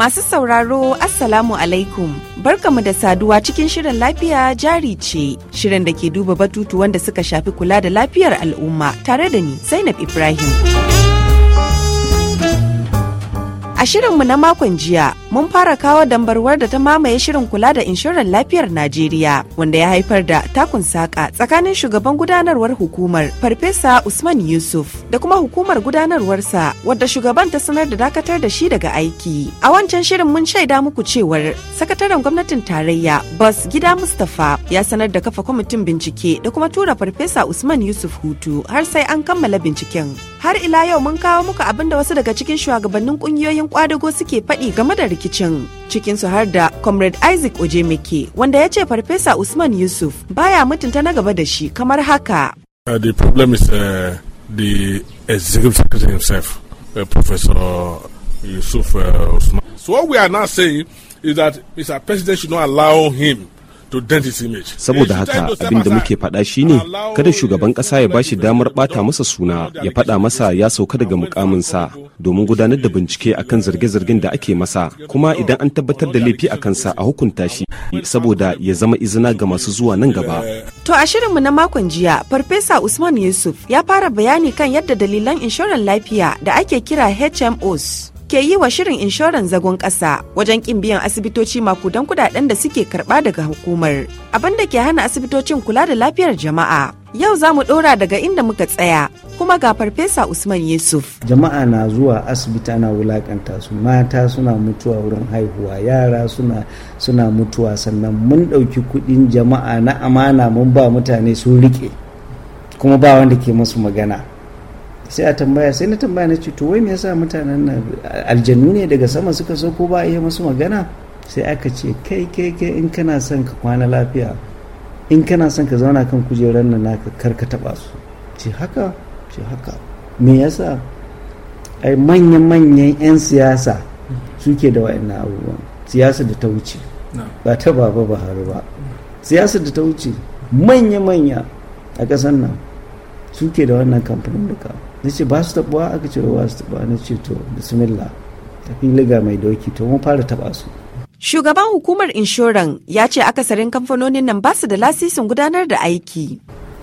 Masu sauraro Assalamu alaikum barkamu da saduwa cikin shirin lafiya jari ce shirin da ke duba batutu wanda suka shafi kula da lafiyar al'umma tare da ni Zainab Ibrahim. A shirinmu na makon jiya, mun fara kawo dambarwar da ta mamaye shirin kula da inshorar lafiyar Najeriya, wanda ya haifar da takun saka tsakanin shugaban gudanarwar hukumar Farfesa Usman Yusuf da kuma hukumar gudanarwarsa wadda shugaban ta sanar da dakatar da shi daga aiki. A wancan shirin mun shaida muku cewar sakataren gwamnatin tarayya Bas Gida Mustapha ya sanar da kafa kwamitin bincike da kuma tura Farfesa Usman Yusuf hutu har sai an kammala binciken. har ila yau mun kawo muku abin da wasu daga cikin shugabannin kungiyoyin kwadago suke faɗi game da rikicin cikin su har da comrade isaac ojemeke wanda ya ce farfesa usman yusuf baya mutunta na gaba da shi kamar haka uh, the problem is uh, the executive secretary himself uh, professor yusuf uh, usman so what we are now saying is that mr president should not allow him saboda haka abin da muke faɗa shine kada shugaban ƙasa ya bashi damar ɓata masa suna ya faɗa masa ya sauka daga mukaminsa domin gudanar da bincike akan zarge-zargen da ake masa kuma idan an tabbatar da laifi a kansa a hukunta shi saboda ya zama izina ga masu zuwa nan gaba to a shirin mu na makon jiya farfesa usman yusuf ya fara bayani kan yadda dalilan inshorar lafiya da ake kira hmos ke yi wa shirin inshoran zagon ƙasa wajen ƙin biyan asibitoci makudan kudaden da suke karɓa daga hukumar abin da ke hana asibitocin kula da lafiyar jama'a yau za mu ɗora daga inda muka tsaya kuma ga farfesa usman yusuf jama'a na zuwa asibiti ana wulakanta su mata suna mutuwa wurin haihuwa yara suna suna mutuwa sannan mun ɗauki kuɗin jama'a na amana mun ba mutane sun riƙe kuma ba wanda ke musu magana sai a tambaya sai na tambaya na ce to wai me yasa mutanen nan aljanu ne daga sama suka so ko ba a iya masu magana sai aka ce kai kai kai in kana son ka kwana lafiya in kana son ka zauna kan kujerar nan naka kar ka taba su ce haka ce haka me yasa ai manyan manyan yan siyasa suke da wa'annan abubuwan siyasa da ta wuce ba ta baba ba haru ba siyasa da ta wuce manya manya a ƙasar nan suke da wannan kamfanin duka na ce ba su taɓuwa aka ce ba su taɓuwa na ce to bismillah tafi liga mai doki to mun fara taɓa su Shugaban hukumar inshoran ya ce akasarin kamfanonin nan ba su da lasisin gudanar da aiki.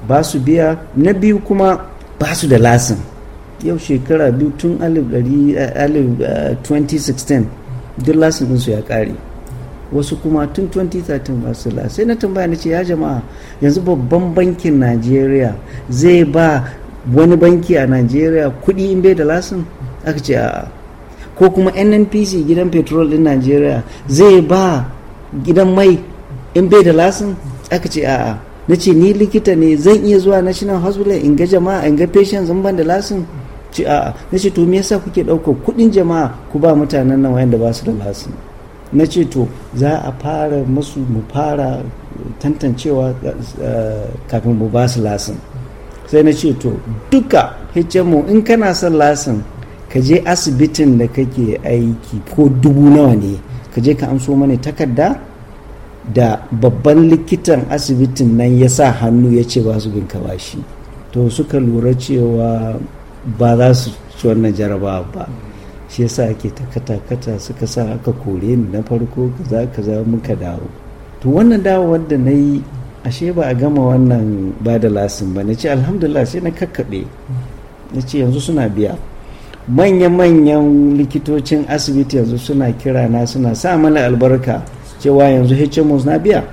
Ba su biya na biyu kuma ba su da lasin. Yau shekara biyu tun 2016 eh, eh, duk lasin ɗinsu ya ƙare. Wasu kuma tun 2013 ba su lasin. Sai na tambaya na ce ya jama'a yanzu babban bankin Najeriya zai ba wani banki a najeriya kuɗi in bai da lasin aka ce a'a ko kuma nnpc gidan petrol din najeriya zai ba gidan mai in bai da lasin aka ce a'a na ce ni likita ne zan iya zuwa national hospital in ga jama'a in ga patients in ban da lasin ce a'a na ce to me yasa kuke ɗaukar kuɗin jama'a ku ba mutanen nan wayanda ba su da lasin na ce to za a fara musu mu fara tantancewa eh, kafin mu ba su lasin sai na ce to duka HMO in kana son lasin ka je asibitin da kake aiki ko dubu nawa ne ka je ka amso mana takarda da babban likitan asibitin nan ya sa hannu ya ce ba su bin ka bashi to suka lura cewa ba za su ci wannan jaraba ba shi yasa ake ta kata suka sa aka kore ni na farko kaza kaza muka dawo to wannan dawo wanda na yi ashe ba a gama wannan ba da lasin ba na ce alhamdulillah sai na kakkaɓe na ce yanzu suna biya manya-manyan likitocin asibiti yanzu suna kira na suna sa mana albarka cewa yanzu hmos na biya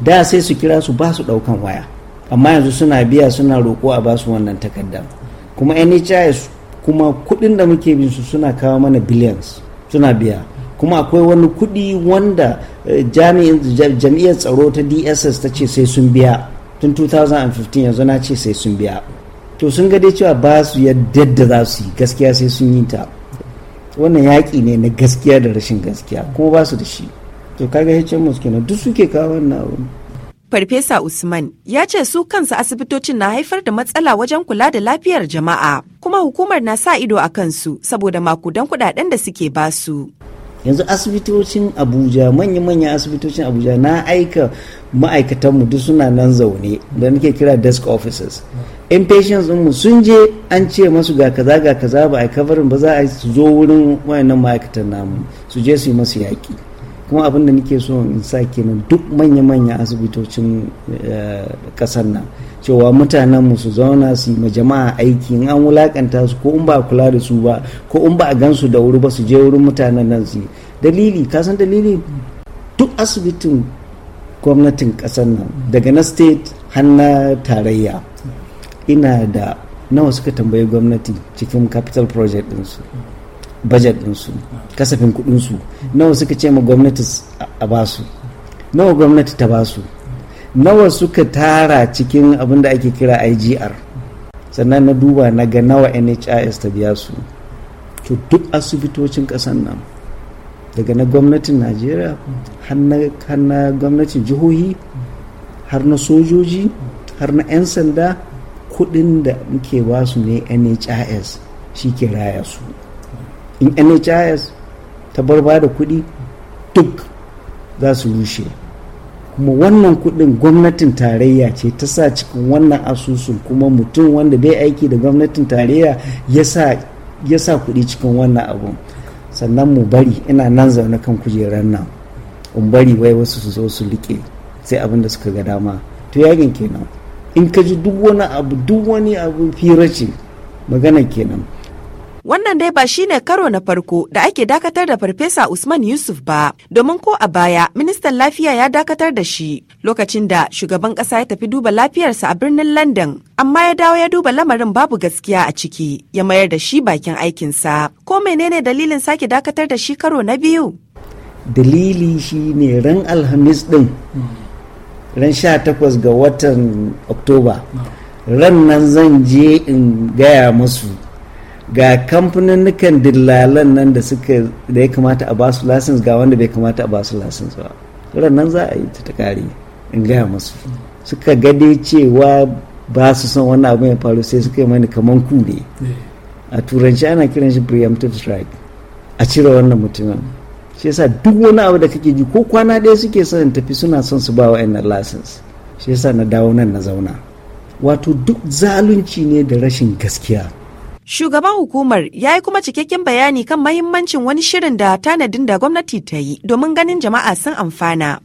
da sai su kira su ba su ɗaukan waya amma yanzu suna biya suna roƙo a ba su wannan takarda kuma nhis kuma kuɗin da muke bin su suna kawo mana billions suna biya kuma akwai wani kudi wanda eh, jami'ar tsaro ta dss ta ce sai sun biya tun 2015 yanzu na ce sai sun biya to sun ga dai cewa ba su yadda da za su yi gaskiya sai sun yi ta wannan yaƙi ne na gaskiya da rashin gaskiya kuma ba su da shi to kaga HMOs kenan duk suke kawo wannan abu Farfesa Usman ya ce su kansu asibitocin na haifar da matsala wajen kula da lafiyar jama'a kuma hukumar na sa ido a kansu saboda makudan kudaden da suke basu. yanzu asibitocin abuja manya-manyan asibitocin abuja na aika ma'aikatanmu duk suna nan zaune da nake kira desk offices in patients mu sun je an ce masu ga kaza ga kaza ba a kabarin ba za a su zo wurin wayannan ma'aikatan namu su je su yi masu yaƙi kuma abin da nake so in sa kenan duk manya-manyan asibitocin eh, ƙasar nan cewa mutanen mu su zauna su yi jama'a aiki in an wulakanta su ko in ba kula da su ba ko in ba a gansu da wuri ba su je wurin mutanen nan su yi dalili ka san dalili duk asibitin gwamnatin kasar nan daga na state har na tarayya ina da nawa suka tambayi gwamnati cikin capital project ɗinsu budget ɗinsu kasafin kuɗinsu nawa suka ce ma gwamnati a basu nawa gwamnati ta basu nawa suka tara cikin abin da ake kira igr sannan na duba na ga nawa nhis ta biya su to duk asibitocin kasan nan daga na gwamnatin najeriya har na gwamnatin jihohi har na sojoji har na 'yan sanda kudin da muke ba su ne nhis shi ke raya su in nhis ta barba da kudi duk za su rushe kuma wannan kudin gwamnatin tarayya ce ta sa cikin wannan asusun kuma mutum wanda bai aiki da gwamnatin tarayya ya sa kudi cikin wannan abun sannan mu bari ina nan zaune kan kujerar nan in bari wai wasu su zo su rike sai abin da suka ga dama to yakin kenan in ka ji duk wani abu duk wani abu firace ce magana kenan Wannan dai ba shine karo na farko da ake dakatar da Farfesa Usman Yusuf ba, domin ko a baya ministan lafiya ya dakatar da shi lokacin da shugaban kasa ya tafi duba lafiyarsa a birnin London, amma ya dawo ya duba lamarin babu gaskiya a ciki, ya mayar da shi bakin aikinsa. Ko menene dalilin sake dakatar da shi karo na biyu? Dalili shi ne ran Alhamis ɗin, ran 18 ga watan Oktoba. Ran nan zan je in gaya masu. ga kamfaninnukan dillalan nan da suka da ya kamata a basu license ga wanda bai kamata a basu license ba ran nan za a yi ta takari in gaya masu suka gade cewa ba su son wannan abin ya faru sai suka yi mani kaman kure a turanci ana kiran shi preemptive strike a cire wannan mutumin shi yasa duk wani abu da kake ji ko kwana ɗaya suke son tafi suna son su ba wa license shi yasa na dawo nan na zauna wato duk zalunci ne da rashin gaskiya Shugaban hukumar ya yi kuma cikakken bayani kan mahimmancin wani shirin da tanadin da gwamnati ta yi domin ganin jama'a sun amfana.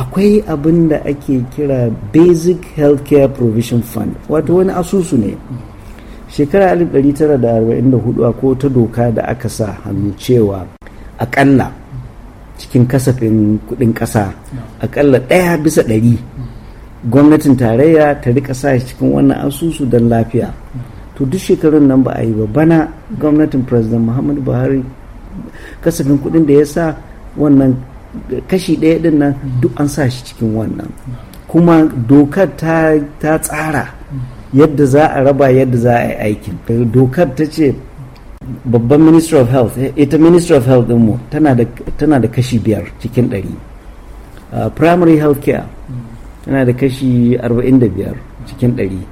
Akwai abin da ake kira Basic Healthcare Provision Fund, wato wani asusu ne. Shekara 1944 a ko ta doka da aka sa hannu cewa akalla cikin kasafin kudin kasa akalla ɗaya bisa ɗari gwamnatin tarayya ta rika sa cikin wannan asusu don lafiya. to duk shekarun nan ba a yi ba bana gwamnatin president muhammadu buhari kasafin kudin da ya sa wannan kashi ɗaya din nan duk an sa shi cikin wannan kuma dokar ta tsara yadda za a raba yadda za a yi aikin dokar ta ce babban minister of health ita minister of health mu tana da kashi biyar cikin ɗari uh, primary health care tana da kashi 45 cikin ɗari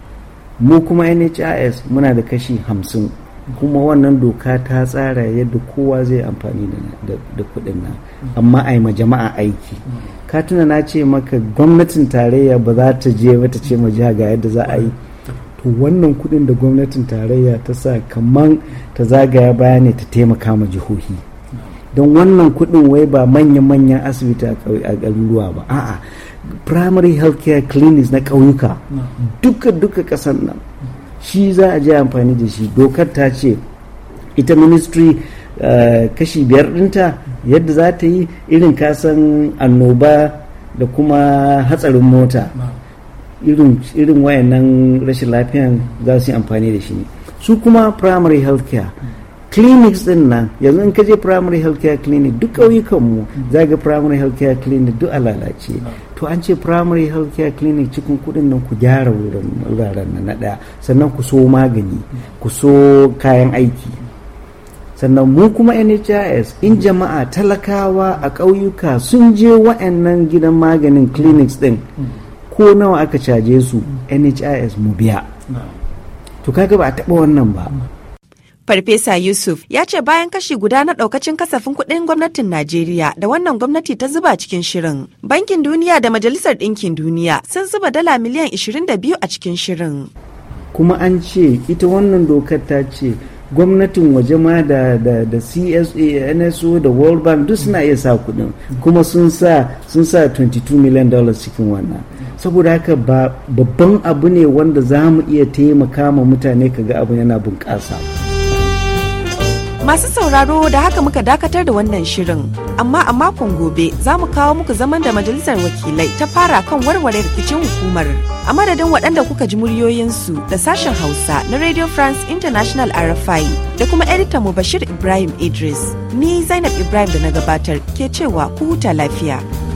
mu kuma nhis muna da kashi hamsin kuma wannan doka ta tsara yadda kowa zai amfani da kuɗin nan amma a yi ma jama'a aiki ka na ce maka gwamnatin tarayya ba za ta je ba ta ce ma jiha ga yadda za a yi to wannan kuɗin da gwamnatin tarayya ta sa kamar ta zagaya baya ne ta taimaka ma jihohi don wannan kuɗin wai ba manya-manyan asibiti a garuruwa ba a'a primary healthcare clinics na ƙauyuka duka duka ƙasar nan shi za a je amfani da shi dokar ta ce ita ministry eh, kashi biyar dinta yadda za ta yi irin kasan annoba da kuma hatsarin mota irin irin wayannan rashin lafiyan za su yi amfani da shi su kuma primary healthcare clinics din nan yanzu in ka je primary healthcare clinic duk ƙauyukanmu mm. za ga primary healthcare clinic duk a lalace to an ce primary health care clinic cikin kudin nan ku gyara wuraren na daya sannan ku so magani ku so kayan aiki sannan mu kuma nhis in jama'a talakawa a ƙauyuka sun je wa'annan gidan maganin clinics din ko nawa aka caje su nhis mu biya to kaga ba a taɓa wannan ba Farfesa Yusuf ya ce bayan kashi guda na ɗaukacin kasafin kuɗin gwamnatin Najeriya da wannan gwamnati ta zuba cikin shirin. Bankin Duniya da Majalisar Ɗinkin Duniya sun zuba dala miliyan 22 a cikin shirin. Kuma an ce ita wannan dokar ta ce gwamnatin waje ma da, CSA, NSO da World Bank duk suna iya sa kuɗin kuma sun sa 22 million dollars cikin wannan. saboda haka babban abu ne wanda za mu iya taimaka ma mutane kaga abu yana bunƙasa. Masu sauraro da haka muka dakatar da wannan shirin, amma a makon gobe za mu kawo muku zaman da majalisar wakilai ta fara kan warware rikicin hukumar. A madadin waɗanda kuka ji muryoyinsu da sashen Hausa na Radio France International RFI da kuma editan mu Bashir Ibrahim Idris, ni Zainab Ibrahim da na gabatar ke cewa ku huta lafiya.